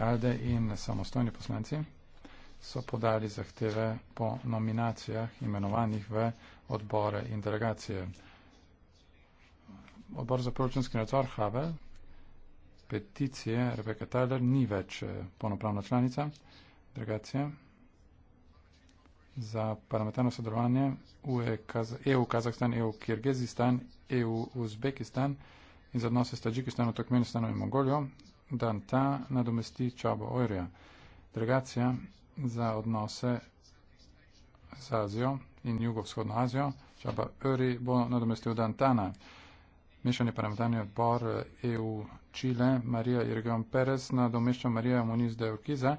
Alde in samostojni poslanci so podali zahteve po nominacijah imenovanih v odbore in delegacije. Odbor za proračunski nadzor Havel peticije Rebeka Tyler ni več eh, polnopravna članica delegacije za parlamentarno sodelovanje EU e e Kazahstan, EU Kirgizistan, EU Uzbekistan in za odnose s Tadžikistanom, Turkmenistanom in Mongolijo. Danta nadomesti Čabo Oirja. Delegacija za odnose z Azijo in jugovzhodno Azijo, Čaba Oiri bo nadomestil Dantana. Mešani parlamentarni odbor EU Čile, Marija Irgon Perez nadomešča Marija Muniz de Urquiza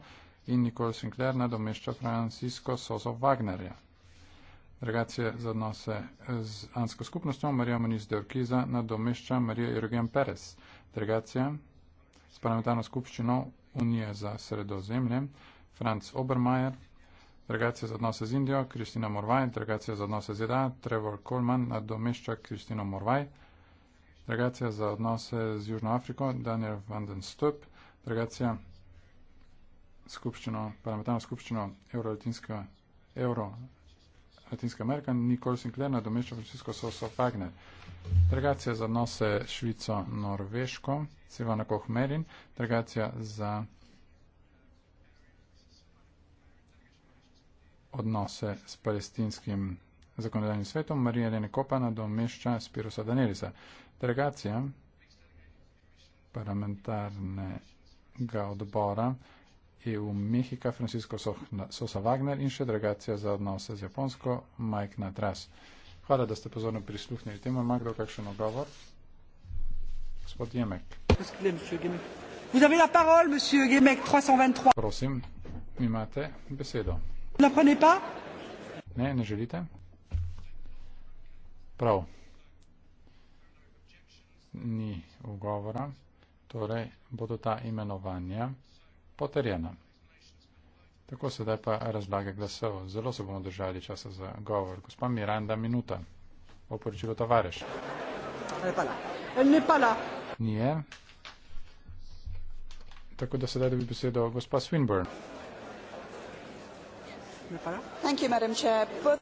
in Nicole Sinclair nadomešča Francisco Sozo Wagnerja. Delegacija za odnose z ansko skupnostjo Marija Muniz de Urquiza nadomešča Marija Irgon Perez. Delegacija s parlamentarno skupščino Unije za sredozemlje, Franz Obermeier, delegacija za odnose z Indijo, Kristina Morvaj, delegacija za odnose z ZDA, Trevor Coleman, nadomešča Kristino Morvaj, delegacija za odnose z Južno Afriko, Daniel van den Stup, delegacija skupščino, parlamentarno skupščino Euro-Latinske Euro, -Latinske, Euro -Latinske, Latinske Amerike, Nicole Sinclair nadomešča Francisco Soso Fagner. Delegacija za odnose Švico-Norveško, Sivana Kohmerin, delegacija za odnose s palestinskim zakonodajnim svetom, Marija Lene Kopa nadomešča Spirosa Danelisa. Delegacija parlamentarnega odbora EU Mehika, Francisco Sosa Wagner in še delegacija za odnose z Japonsko, Mike Natras. Hvala, da ste pozorno prisluhnili temu. Ima kdo kakšen ogovor? Gospod Jemek. Vous avez la parole, monsieur Gemek 323. Prosim, imate besedo. Ne, ne, ne želite? Prav. Ni ugovora. Torej, bodo ta imenovanja potrjena. Tako sedaj pa razlage glasov. Zelo se bomo držali časa za govor. Gospa Miranda, minuta. Oporočilo tovareš. Nepala. Nije. Tako da sedaj dobi besedo gospa Swinburne. Nepala.